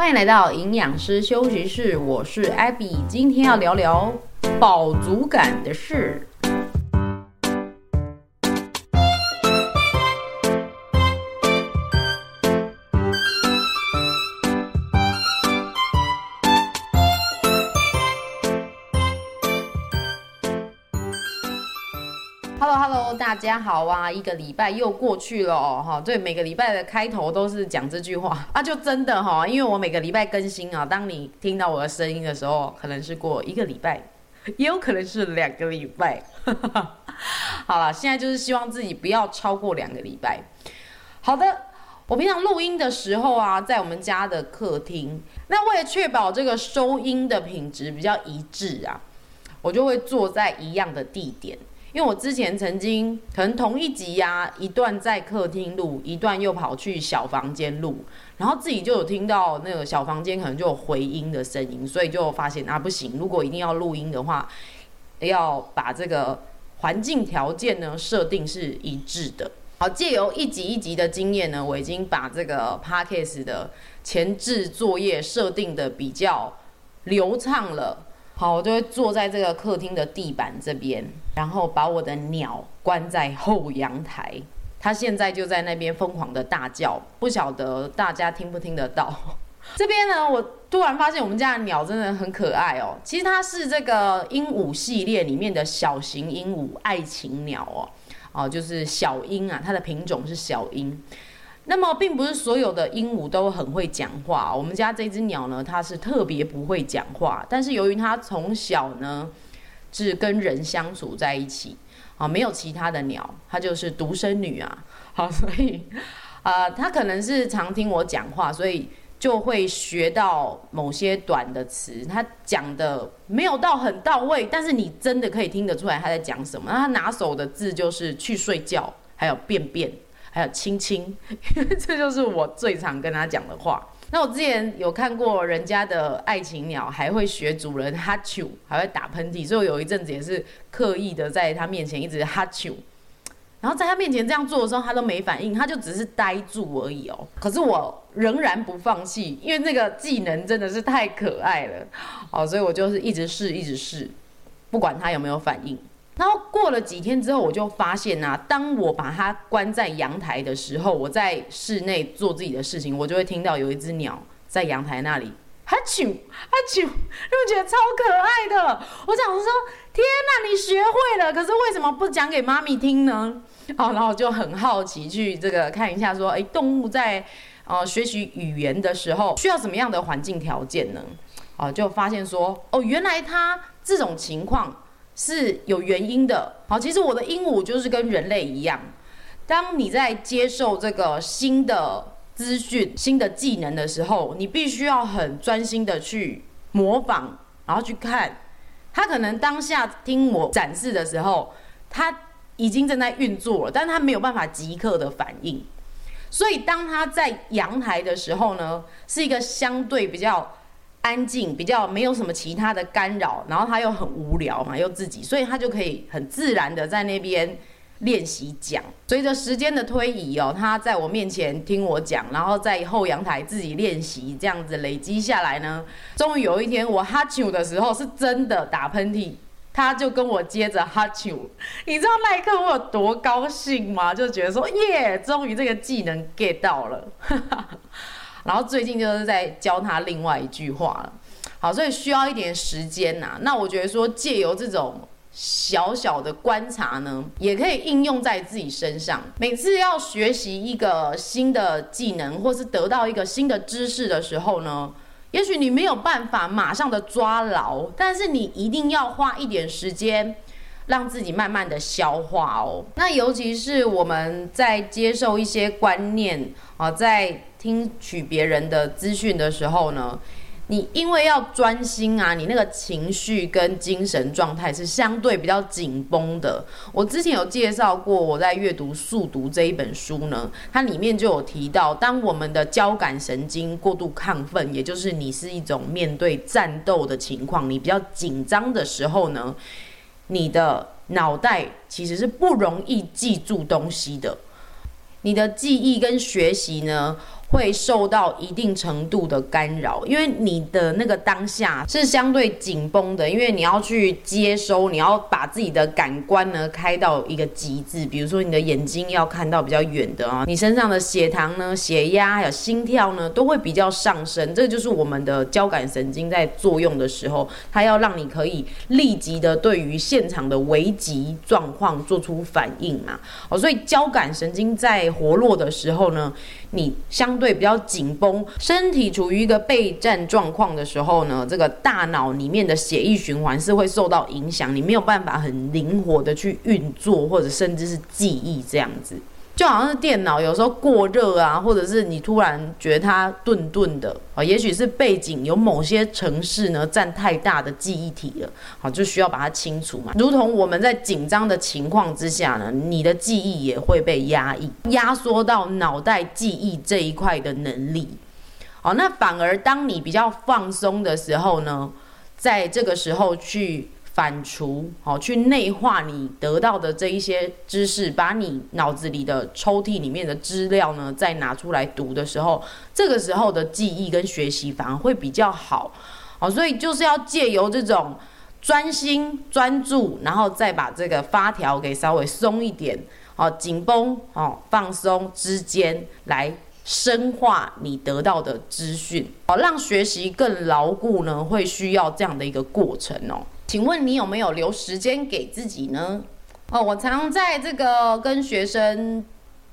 歡迎來到營養師休息室，我是 Abby，今天要聊聊飽足感的事。大家好啊，一個禮拜又過去了、哦、哈。對，每個禮拜的開頭都是講這句話啊，就真的哈、哦，因為我每個禮拜更新啊。當你聽到我的聲音的時候，可能是過一個禮拜，也有可能是兩個禮拜。呵呵呵，好了，現在就是希望自己不要超過兩個禮拜。好的，我平常錄音的時候啊，在我們家的客廳。那為了確保這個收音的品質比較一致啊，我就會坐在一樣的地點。因為我之前曾經可能同一集呀、啊，一段在客廳錄，一段又跑去小房間錄，然後自己就有聽到那個小房間可能就有回音的聲音，所以就發現啊，不行，如果一定要錄音的話，要把這個環境條件呢設定是一致的。好，借由一集一集的經驗呢，我已經把這個 podcast 的前置作業設定的比較流暢了。好，我就會坐在這個客廳的地板這邊，然後把我的鳥關在後陽台。它現在就在那邊瘋狂的大叫，不曉得大家聽不聽得到。這邊呢，我突然發現我們家的鳥真的很可愛哦。其實它是這個鸚鵡系列裡面的小型鸚鵡，愛情鳥哦，哦，就是小鸚啊，它的品種是小鸚。那麼，並不是所有的鸚鵡都很會講話。我們家這隻鳥呢，它是特別不會講話。但是由於它從小呢，是跟人相處在一起啊，沒有其他的鳥，它就是獨生女啊。好，所以啊，它、 呃、可能是常聽我講話，所以就會學到某些短的詞。它講的沒有到很到位，但是你真的可以聽得出來它在講什麼。那它拿手的字就是去睡覺，還有便便。還有親親，因為這就是我最常跟他講的話。那我之前有看過人家的愛情鳥，還會學主人哈啾，還會打噴嚏，所以我有一陣子也是刻意的在他面前一直哈啾，然後在他面前這樣做的時候，他都沒反應，他就只是呆住而已哦。可是我仍然不放棄，因為那個技能真的是太可愛了哦，所以我就是一直試，一直試，不管他有沒有反應。然後過了幾天之後，我就發現呢、啊，當我把它關在陽台的時候，我在室內做自己的事情，我就會聽到有一隻鳥在陽台那裡，哈啾哈啾，就覺得超可愛的。我想說，天吶，你學會了，可是為什麼不講給媽咪聽呢？好、哦、然後我就很好奇去這個看一下，說，哎、欸，動物在，哦、呃，學習語言的時候需要什麼樣的環境條件呢？哦、呃，就發現說，哦，原來它這種情況。是有原因的。好，其實我的鸚鵡就是跟人類一樣，當你在接受這個新的資訊、新的技能的時候，你必須要很專心的去模仿，然後去看。它可能當下聽我展示的時候，它已經正在運作了，但它沒有辦法即刻的反應。所以當它在陽台的時候呢，是一個相對比較。安靜，比較沒有什麼其他的干擾，然後他又很無聊嘛，又自己，所以他就可以很自然的在那邊練習講。隨着時間的推移哦，他在我面前聽我講，然後在後陽台自己練習，這樣子累積下來呢，終於有一天我哈啾的時候是真的打噴嚏，他就跟我接着哈啾。你知道那一刻我有多高興嗎？就覺得說耶，終於這個技能 get 到了。 然後最近就是在教他另外一句話了，好，所以需要一點時間吶啊。那我覺得說，借由這種小小的觀察呢，也可以應用在自己身上。每次要學習一個新的技能或是得到一個新的知識的時候呢，也許你沒有辦法馬上的抓牢，但是你一定要花一點時間，讓自己慢慢的消化哦。那尤其是我們在接受一些觀念啊，在聽取別人的資訊的時候呢，你因為要專心啊，你那個情緒跟精神狀態是相對比較緊繃的。我之前有介紹過，我在閱讀《速讀》這一本書呢，它裡面就有提到，當我們的交感神經過度亢奮，也就是你是一種面對戰鬥的情況，你比較緊張的時候呢，你的腦袋其實是不容易記住東西的，你的記憶跟學習呢。會受到一定程度的干擾，因為你的那個當下是相對緊繃的，因為你要去接收，你要把自己的感官呢開到一個極致，比如說你的眼睛要看到比較遠的啊，你身上的血糖呢、血壓還有心跳呢都會比較上升，這就是我們的交感神經在作用的時候，它要讓你可以立即的對於現場的危急狀況做出反應嘛。哦，所以交感神經在活絡的時候呢。你相對比較緊繃，身體處於一個備戰狀況的時候呢，這個大腦裡面的血液循環是會受到影響，你沒有辦法很靈活的去運作，或者甚至是記憶這樣子。就好像是電腦有時候過熱啊，或者是你突然覺得它頓頓的啊，也許是背景有某些程式，呢占太大的記憶體了，好，就需要把它清除嘛。如同我們在緊張的情況之下呢，你的記憶也會被壓抑、壓縮到腦袋記憶這一塊的能力。好，那反而當你比較放鬆的時候呢，在這個時候去。反芻，好、哦、去內化你得到的這一些知識，把你腦子裡的抽屜裡面的資料呢，再拿出來讀的時候，這個時候的記憶跟學習反而會比較好，好、哦，所以就是要借由這種專心專注，然後再把這個發條給稍微鬆一點，好、哦、緊繃好、哦、放鬆之間來深化你得到的資訊，好、哦，讓學習更牢固呢，會需要這樣的一個過程哦。請問你有沒有留時間給自己呢？哦，我常在這個跟學生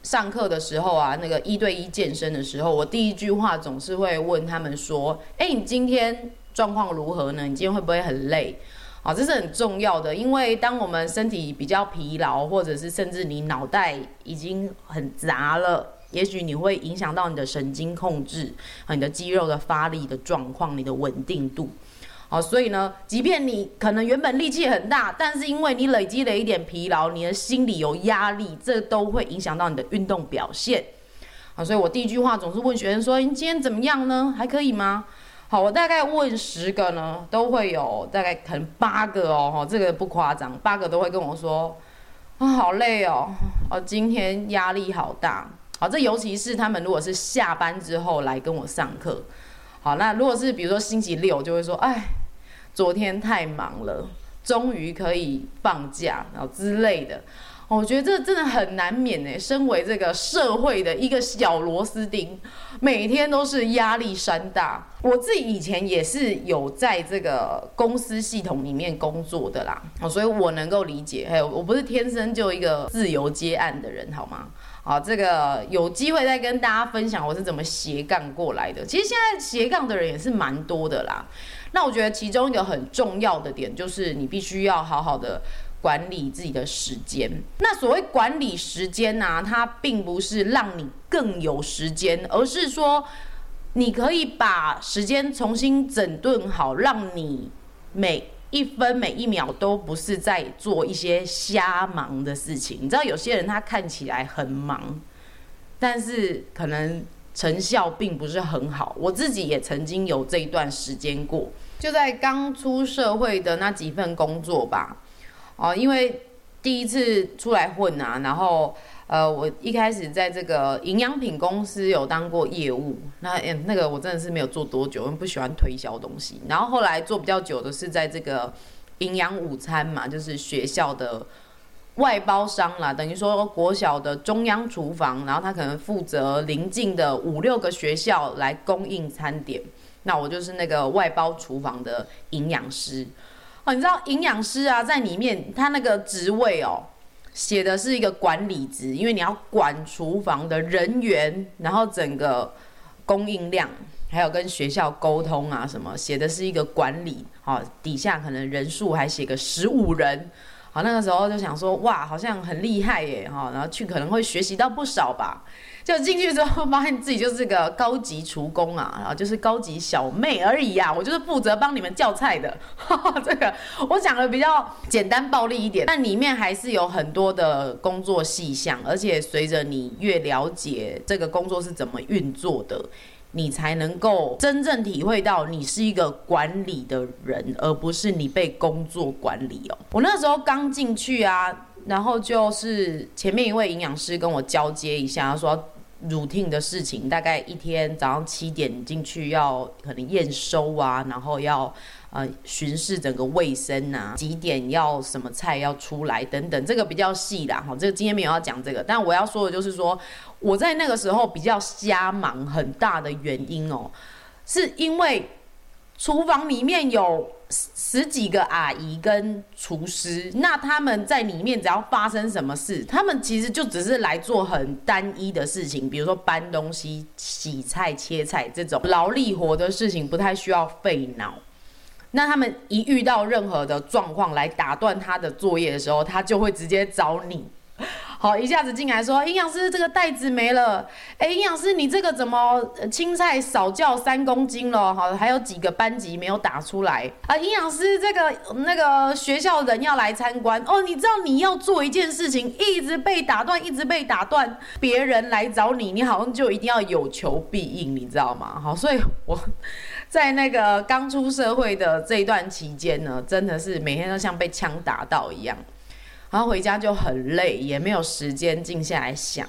上課的時候啊，那個一對一健身的時候，我第一句話總是會問他們說：“誒，你今天狀況如何呢？你今天會不會很累？”啊、哦，這是很重要的，因為當我們身體比較疲勞，或者是甚至你腦袋已經很雜了，也許你會影響到你的神經控制、哦、你的肌肉的發力的狀況、你的穩定度。好、哦，所以呢，即便你可能原本力氣很大，但是因為你累積了一點疲勞，你的心理有壓力，這個、都會影響到你的運動表現。好、哦，所以我第一句話總是問學生說：“你今天怎麼樣呢？還可以嗎？”好，我大概問十個呢，都會有大概可能八個哦，哦這個不誇張，八個都會跟我說：“啊、哦，好累哦，哦，今天壓力好大。哦”好，這尤其是他們如果是下班之後來跟我上課，好，那如果是比如說星期六就會說：“哎。”昨天太忙了，終於可以放假，然後之類的，我覺得這真的很難免。身為這個社會的一個小螺絲釘，每天都是壓力山大。我自己以前也是有在這個公司系統裡面工作的啦，所以我能夠理解。嘿，我不是天生就一個自由接案的人，好嗎？啊，這個有機會再跟大家分享我是怎麼斜槓過來的。其實現在斜槓的人也是蠻多的啦。那我覺得其中一個很重要的點就是，你必須要好好的管理自己的時間。那所謂管理時間呢，啊，它並不是讓你更有時間，而是說你可以把時間重新整頓好，讓你每一分每一秒都不是在做一些瞎忙的事情。你知道有些人他看起來很忙，但是可能。成效並不是很好，我自己也曾經有這一段時間過，就在剛出社會的那幾份工作吧，哦、呃，因為第一次出來混啊，然後呃，我一開始在這個營養品公司有當過業務，那、欸、那個我真的是沒有做多久，我不喜歡推銷東西，然後後來做比較久的是在這個營養午餐嘛，就是學校的。外包商啦，等於說國小的中央廚房，然後他可能負責鄰近的五六個學校來供應餐點。那我就是那個外包廚房的營養師。哦，你知道營養師啊，在裡面他那個職位哦，寫的是一個管理職，因為你要管廚房的人員，然後整個供應量，還有跟學校溝通啊什麼，寫的是一個管理。好、哦，底下可能人數還寫個十五人。那個時候就想說，哇，好像很厲害耶，哈、喔！然後去可能會學習到不少吧。就進去之後，發現自己就是個高級廚工啊，然後就是高級小妹而已啊。我就是負責幫你們叫菜的。呵呵，這個，我講的比較簡單暴力一點，但裡面還是有很多的工作細項，而且隨着你越了解這個工作是怎麼運作的。你才能夠真正體會到，你是一個管理的人，而不是你被工作管理哦。我那時候剛進去啊，然後就是前面一位營養師跟我交接一下，他說。routine 的事情，大概一天早上七點進去要可能驗收啊，然後要呃巡視整個衛生啊，幾點要什麼菜要出來等等，這個比較細啦，這個今天沒有要講這個，但我要說的就是說，我在那個時候比較瞎忙很大的原因哦，是因為。廚房裡面有十幾個阿姨跟廚師，那他們在裡面只要發生什麼事，他們其實就只是來做很單一的事情，比如說搬東西、洗菜、切菜這種勞力活的事情，不太需要費腦。那他們一遇到任何的狀況來打斷他的作業的時候，他就會直接找你。好，一下子進來說，營養師，這個袋子沒了。哎、欸，營養師，你這個怎麼青菜少叫三公斤了？好，還有幾個班級沒有打出來啊？營養師，這個那個學校人要來參觀哦。你知道你要做一件事情，一直被打斷，一直被打斷，別人來找你，你好像就一定要有求必應，你知道嗎？好，所以我在那個剛出社會的這一段期間呢，真的是每天都像被槍打到一樣。然後回家就很累，也沒有時間靜下來想。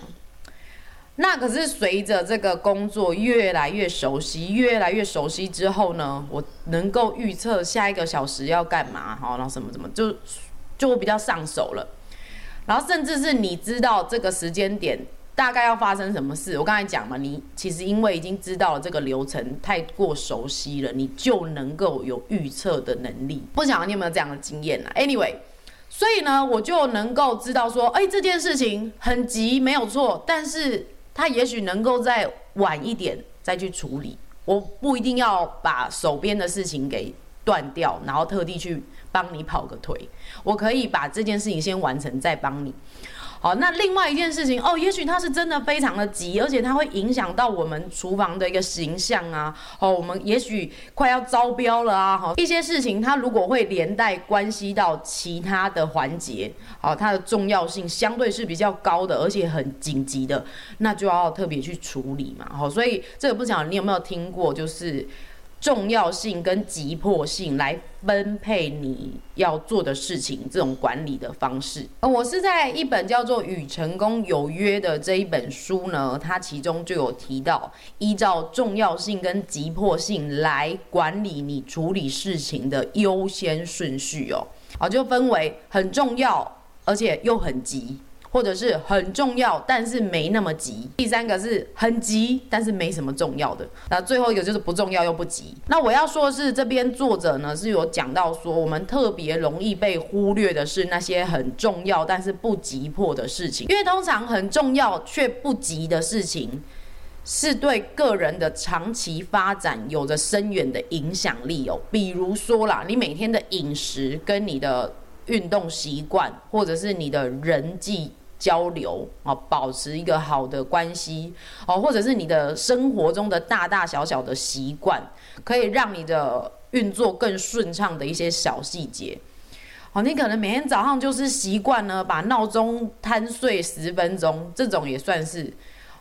那可是隨着這個工作越來越熟悉，越來越熟悉之後呢，我能夠預測下一個小時要幹嘛，好，然後什麼什麼就就比較上手了。然後甚至是你知道這個時間點大概要發生什麼事。我剛才講嘛，你其實因為已經知道了這個流程太過熟悉了，你就能夠有預測的能力。不曉得你有沒有這樣的經驗啊？Anyway。所以呢，我就能夠知道說，哎、欸，這件事情很急，沒有錯，但是他也許能夠再晚一點再去處理。我不一定要把手邊的事情給斷掉，然後特地去幫你跑個腿。我可以把這件事情先完成，再幫你。好、哦，那另外一件事情哦，也許它是真的非常的急，而且它會影響到我們廚房的一個形象啊。哦，我們也許快要招標了啊、哦。一些事情它如果會連帶關係到其他的環節，好、哦，它的重要性相對是比較高的，而且很緊急的，那就要特別去處理嘛。好、哦，所以這個不曉得，你有沒有聽過就是？重要性跟急迫性來分配你要做的事情，這種管理的方式。我是在一本叫做《與成功有約》的這一本書呢，它其中就有提到，依照重要性跟急迫性來管理你處理事情的優先順序哦，好，就分為很重要而且又很急。或者是很重要，但是沒那麼急。第三個是很急，但是沒什麼重要的。那最後一個就是不重要又不急。那我要說的是，這邊作者呢是有講到說，我們特別容易被忽略的是那些很重要但是不急迫的事情，因為通常很重要卻不急的事情，是對個人的長期發展有着深遠的影響力哦。比如說啦，你每天的飲食跟你的運動習慣，或者是你的人際。交流啊，保持一個好的關係哦，或者是你的生活中的大大小小的習慣，可以讓你的運作更順暢的一些小細節。哦，你可能每天早上就是習慣呢，把鬧鐘貪睡十分鐘，這種也算是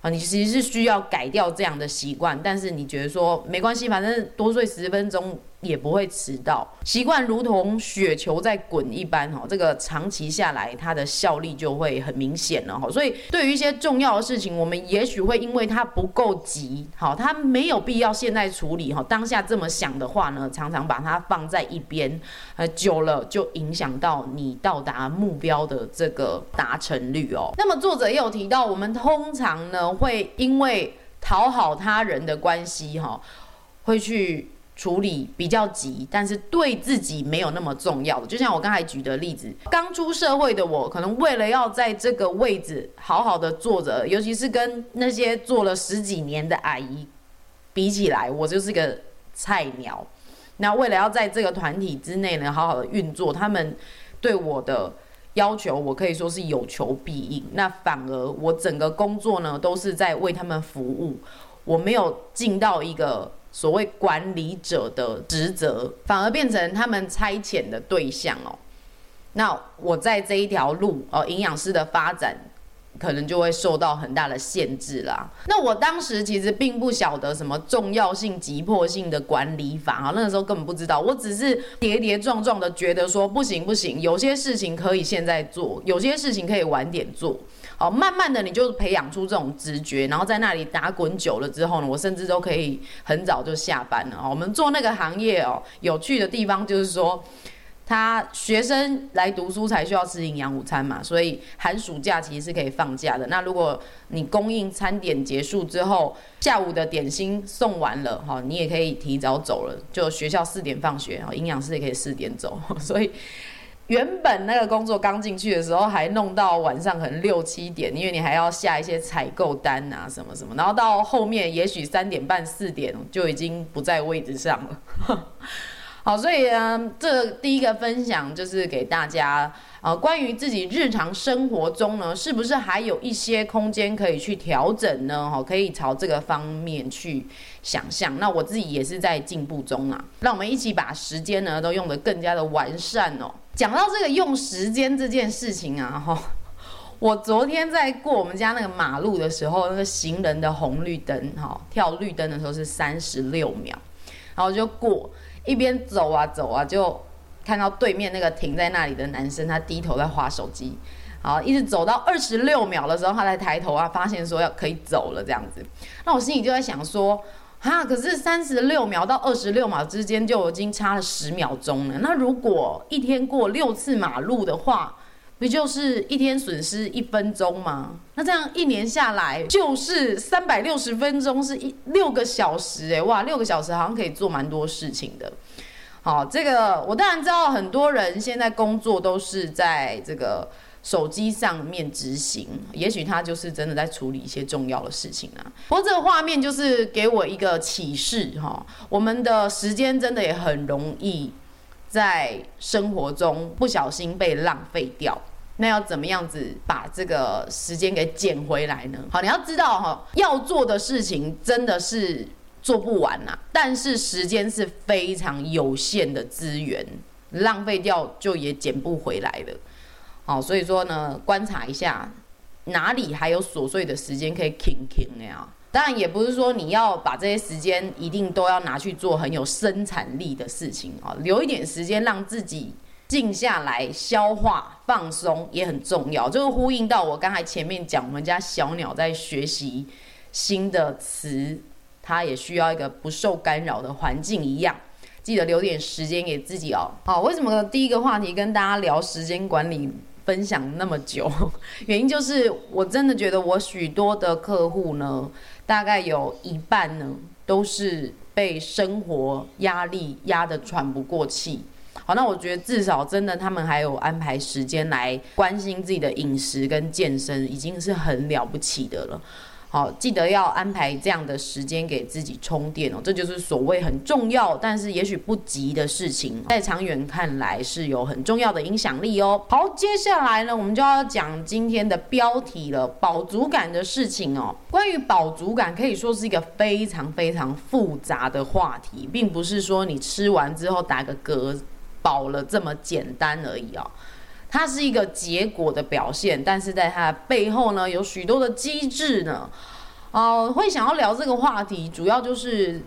啊，你其實是需要改掉這樣的習慣，但是你覺得說沒關係，反正多睡十分鐘。也不會遲到，習慣如同雪球在滾一般哈、哦，這個長期下來，它的效力就會很明顯了哈、哦。所以對於一些重要的事情，我們也許會因為它不夠急，哈、哦，它沒有必要現在處理哈、哦。當下這麼想的話呢，常常把它放在一邊，呃，久了就影響到你到達目標的這個達成率哦。那麼作者也有提到，我們通常呢會因為討好他人的關係哈、哦，會去。處理比較急，但是對自己沒有那麼重要的。就像我剛才舉的例子，剛出社會的我，可能為了要在這個位置好好的坐著，尤其是跟那些做了十幾年的阿姨比起來，我就是個菜鳥。那為了要在這個團體之內呢好好的運作，他們對我的要求，我可以說是有求必應。那反而我整個工作呢都是在為他們服務，我沒有盡到一個。所謂管理者的職責，反而變成他們差遣的對象哦、喔。那我在這一條路哦，呃、營養師的發展，可能就會受到很大的限制啦。那我當時其實並不曉得什麼重要性、急迫性的管理法啊，那個時候根本不知道，我只是跌跌撞撞的覺得說，不行不行，有些事情可以現在做，有些事情可以晚點做。哦，慢慢的你就培養出這種直覺，然後在那裡打滾久了之後呢，我甚至都可以很早就下班了、哦。我們做那個行業哦，有趣的地方就是說，他學生來讀書才需要吃營養午餐嘛，所以寒暑假其實是可以放假的。那如果你供應餐點結束之後，下午的點心送完了哈、哦，你也可以提早走了。就學校四點放學，營養師也可以四點走，所以。原本那個工作剛進去的時候，還弄到晚上可能六七點，因為你還要下一些採購單啊什麼什麼，然後到後面也許三點半、四點就已經不在位置上了。 好，所以啊，這個、第一個分享就是給大家啊、呃，關於自己日常生活中呢，是不是還有一些空間可以去調整呢？哈、哦，可以朝這個方面去想象那我自己也是在進步中啊。讓我們一起把時間呢都用得更加的完善哦。講到這個用時間這件事情啊，哈、哦，我昨天在過我們家那個馬路的時候，那個行人的紅綠燈哈、哦，跳綠燈的時候是三十六秒，然後就過，一邊走啊走啊，就看到對面那個停在那裡的男生，他低頭在滑手機，好，一直走到二十六秒的時候，他才抬頭啊，發現說要可以走了這樣子。那我心裡就在想說，啊，可是三十六秒到二十六秒之間就已經差了十秒鐘了。那如果一天過六次馬路的話，不就是一天損失一分鐘嗎？那這樣一年下來就是三百六十分鐘，是一六個小時誒、欸，哇，六個小時好像可以做蠻多事情的。好、哦，這個我當然知道，很多人現在工作都是在這個手機上面執行，也許他就是真的在處理一些重要的事情啊。不過這個畫面就是給我一個啟示哈、哦，我們的時間真的也很容易。在生活中不小心被浪費掉，那要怎麼樣子把這個時間給撿回來呢？好，你要知道哈，要做的事情真的是做不完吶、啊，但是時間是非常有限的資源，浪費掉就也撿不回來了。好，所以說呢，觀察一下哪裡還有瑣碎的時間可以 king 當然也不是說你要把這些時間一定都要拿去做很有生產力的事情啊，留一點時間讓自己靜下來、消化、放鬆也很重要。就是呼應到我剛才前面講，我們家小鳥在學習新的詞，它也需要一個不受干擾的環境一樣。記得留一點時間給自己哦。好，為什麼第一個話題跟大家聊時間管理？分享那麼久，原因就是我真的覺得我許多的客戶呢，大概有一半呢都是被生活壓力壓得喘不過氣。好，那我覺得至少真的他們還有安排時間來關心自己的飲食跟健身，已經是很了不起的了。好、哦，記得要安排這樣的時間給自己充電哦，這就是所謂很重要但是也許不急的事情、哦，在長遠看來是有很重要的影響力哦。好，接下來呢，我們就要講今天的標題了——飽足感的事情哦。關於飽足感，可以說是一個非常非常複雜的話題，並不是說你吃完之後打個嗝飽了這麼簡單而已哦。它是一個結果的表現，但是在它背後呢，有許多的機制呢。哦、呃，會想要聊這個話題，主要就是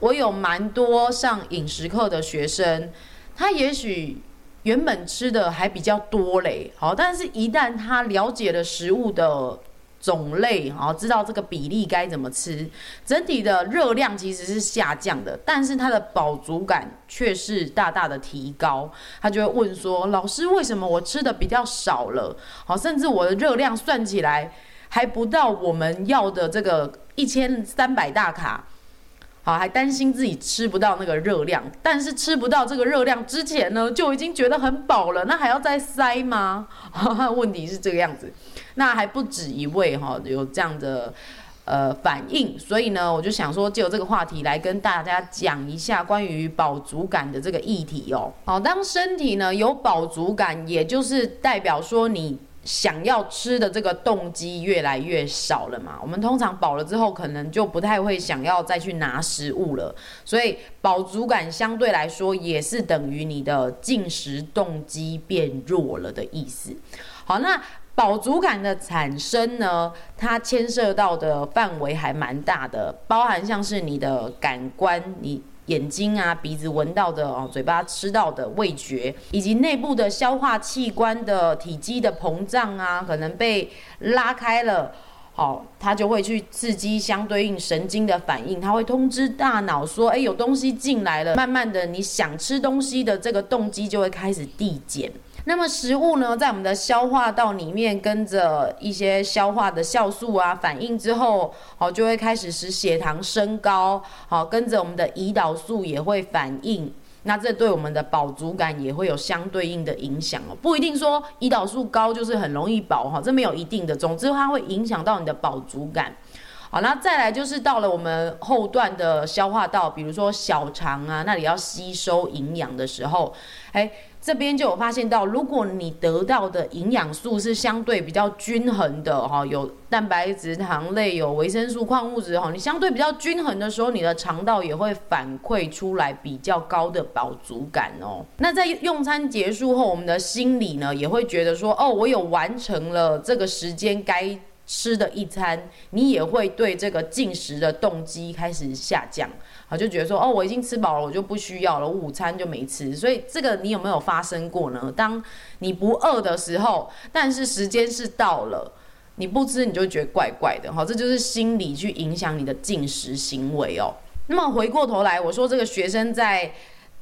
我有蠻多上飲食課的學生，他也許原本吃的還比較多嘞，好，但是一旦他了解了食物的種類好，知道這個比例該怎麼吃，整體的熱量其實是下降的，但是它的飽足感卻是大大的提高。他就會問說，老師為什麼我吃的比較少了？好，甚至我的熱量算起來還不到我們要的這個一千三百大卡。啊，還擔心自己吃不到那個熱量，但是吃不到這個熱量之前呢，就已經覺得很飽了，那還要再塞嗎？ 問題是這個樣子，那還不止一位哈、喔、有這樣的呃反應，所以呢，我就想說，借由這個話題來跟大家講一下關於飽足感的這個議題哦、喔。好，當身體呢有飽足感，也就是代表說你。想要吃的這個動機越來越少了嘛？我們通常飽了之後，可能就不太會想要再去拿食物了。所以飽足感相對來說也是等於你的進食動機變弱了的意思。好，那飽足感的產生呢，它牽涉到的範圍還蠻大的，包含像是你的感官，你……眼睛啊，鼻子聞到的哦，嘴巴吃到的味覺，以及內部的消化器官的體積的膨脹啊，可能被拉開了，好，它就會去刺激相對應神經的反應，它會通知大腦說，誒，有東西進來了，慢慢的，你想吃東西的這個動機就會開始遞減。那麼食物呢，在我們的消化道裡面跟着一些消化的酵素啊，反應之後，好、哦、就會開始使血糖升高，好、哦、跟着我們的胰島素也會反應，那這對我們的飽足感也會有相對應的影響哦，不一定說胰島素高就是很容易飽哈、哦，這沒有一定的，總之它會影響到你的飽足感。好、哦，那再來就是到了我們後段的消化道，比如說小腸啊那裡要吸收營養的時候，誒這邊就有發現到，如果你得到的營養素是相對比較均衡的哈，有蛋白質、糖類、有維生素、礦物質哈，你相對比較均衡的時候，你的腸道也會反饋出來比較高的飽足感哦。那在用餐結束後，我們的心理呢也會覺得說，哦，我有完成了這個時間該該吃的一餐，你也會對這個進食的動機開始下降，好，就覺得說哦，我已經吃飽了，我就不需要了，午餐就沒吃。所以這個你有沒有發生過呢？當你不餓的時候，但是時間是到了，你不吃你就覺得怪怪的，好，這就是心理去影響你的進食行為哦。那麼回過頭來，我說這個學生在。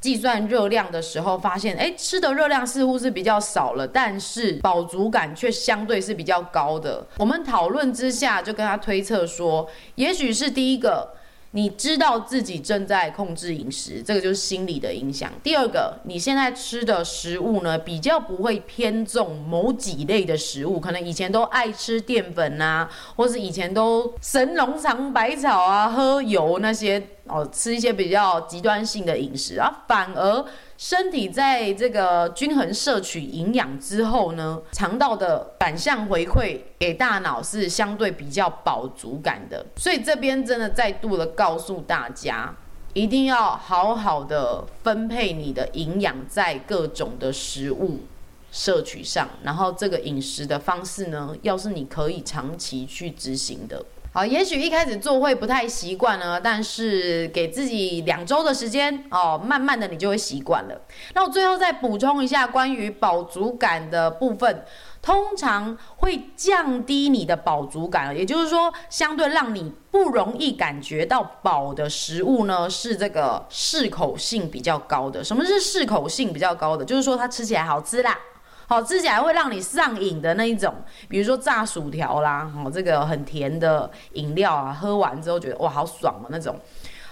計算熱量的時候，發現誒，吃的熱量似乎是比較少了，但是飽足感卻相對是比較高的。我們討論之下，就跟他推測說，也許是第一個。你知道自己正在控制飲食，這個就是心理的影響。第二個，你現在吃的食物呢，比較不會偏重某幾類的食物，可能以前都愛吃澱粉啊，或是以前都神農嚐百草啊，喝油那些哦，吃一些比較極端性的飲食啊，反而。身體在這個均衡攝取營養之後呢，腸道的反向回饋給大腦是相對比較飽足感的，所以這邊真的再度的告訴大家，一定要好好的分配你的營養在各種的食物攝取上，然後這個飲食的方式呢，要是你可以長期去執行的。好，也許一開始做會不太習慣呢，但是給自己兩周的時間哦，慢慢的你就會習慣了。那我最後再補充一下關於飽足感的部分，通常會降低你的飽足感了，也就是說，相對讓你不容易感覺到飽的食物呢，是這個適口性比較高的。什麼是適口性比較高的？就是說它吃起來好吃啦。好、哦，吃起來會讓你上癮的那一種，比如說炸薯條啦，哦，這個很甜的飲料啊，喝完之後覺得哇，好爽啊。那種，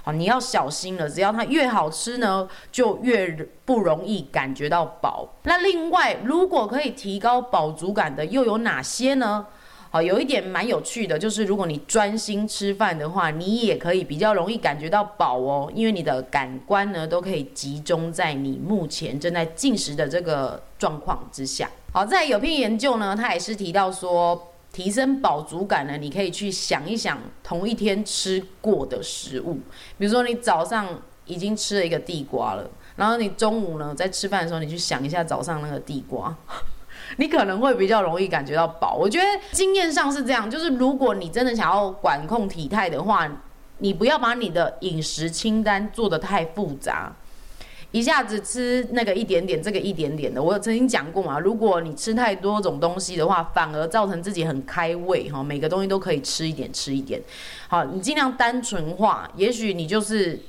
好、哦，你要小心了，只要它越好吃呢，就越不容易感覺到飽。那另外，如果可以提高飽足感的又有哪些呢？好，有一點蠻有趣的，就是如果你專心吃飯的話，你也可以比較容易感覺到飽哦，因為你的感官呢都可以集中在你目前正在進食的這個狀況之下。好，在有篇研究呢，他也是提到說，提升飽足感呢，你可以去想一想同一天吃過的食物，比如說你早上已經吃了一個地瓜了，然後你中午呢在吃飯的時候，你去想一下早上那個地瓜。你可能會比較容易感覺到飽，我覺得經驗上是這樣，就是如果你真的想要管控體態的話，你不要把你的飲食清單做得太複雜，一下子吃那個一點點，這個一點點的。我有曾經講過嘛，如果你吃太多種東西的話，反而造成自己很開胃哈，每個東西都可以吃一點，吃一點。好，你盡量單純化，也許你就是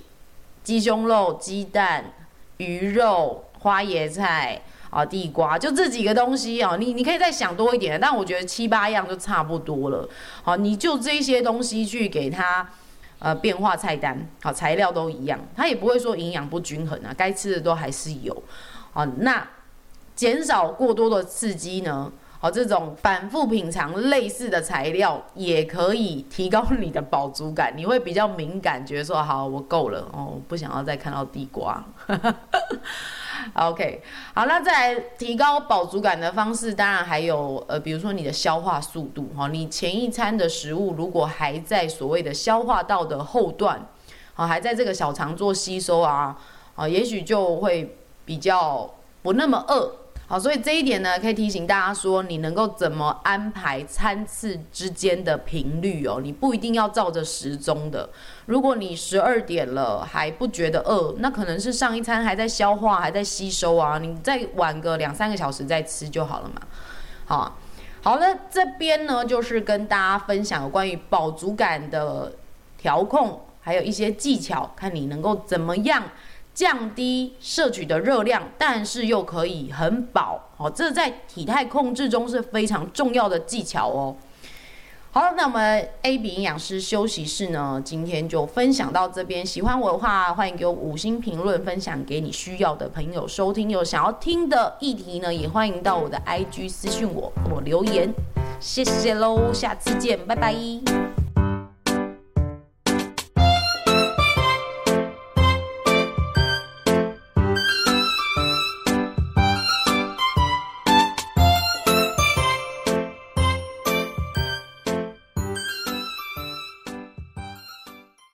雞胸肉、雞蛋、魚肉、花椰菜。啊，地瓜就這幾個東西哦，你你可以再想多一點，但我覺得七八樣就差不多了。好，你就這些東西去給它呃，變化菜單。好，材料都一樣，它也不會說營養不均衡啊，該吃的都還是有。啊，那減少過多的刺激呢？好，這種反覆品嘗類似的材料也可以提高你的飽足感，你會比較敏感，覺得說好我夠了哦，不想要再看到地瓜。 OK，好，那再來提高飽足感的方式，當然還有呃，比如說你的消化速度哈、哦，你前一餐的食物如果還在所謂的消化道的後段，啊、哦，還在這個小腸做吸收啊，啊、哦，也許就會比較不那麼餓。好，所以這一點呢，可以提醒大家說，你能夠怎麼安排餐次之間的頻率哦？你不一定要照着時鐘的。如果你十二點了還不覺得餓，那可能是上一餐還在消化、還在吸收啊，你再晚個兩三個小時再吃就好了嘛。好，好了，這邊呢就是跟大家分享有關於飽足感的調控，還有一些技巧，看你能夠怎麼樣。降低攝取的熱量，但是又可以很飽，好，哦，這在體態控制中是非常重要的技巧哦。好，那我們 A B 營養師休息室呢，今天就分享到這邊。喜歡我的話，歡迎給我五星評論，分享給你需要的朋友收聽。有想要聽的議題呢，也歡迎到我的 I G 私訊我，我留言，謝謝嘍，下次見，拜拜。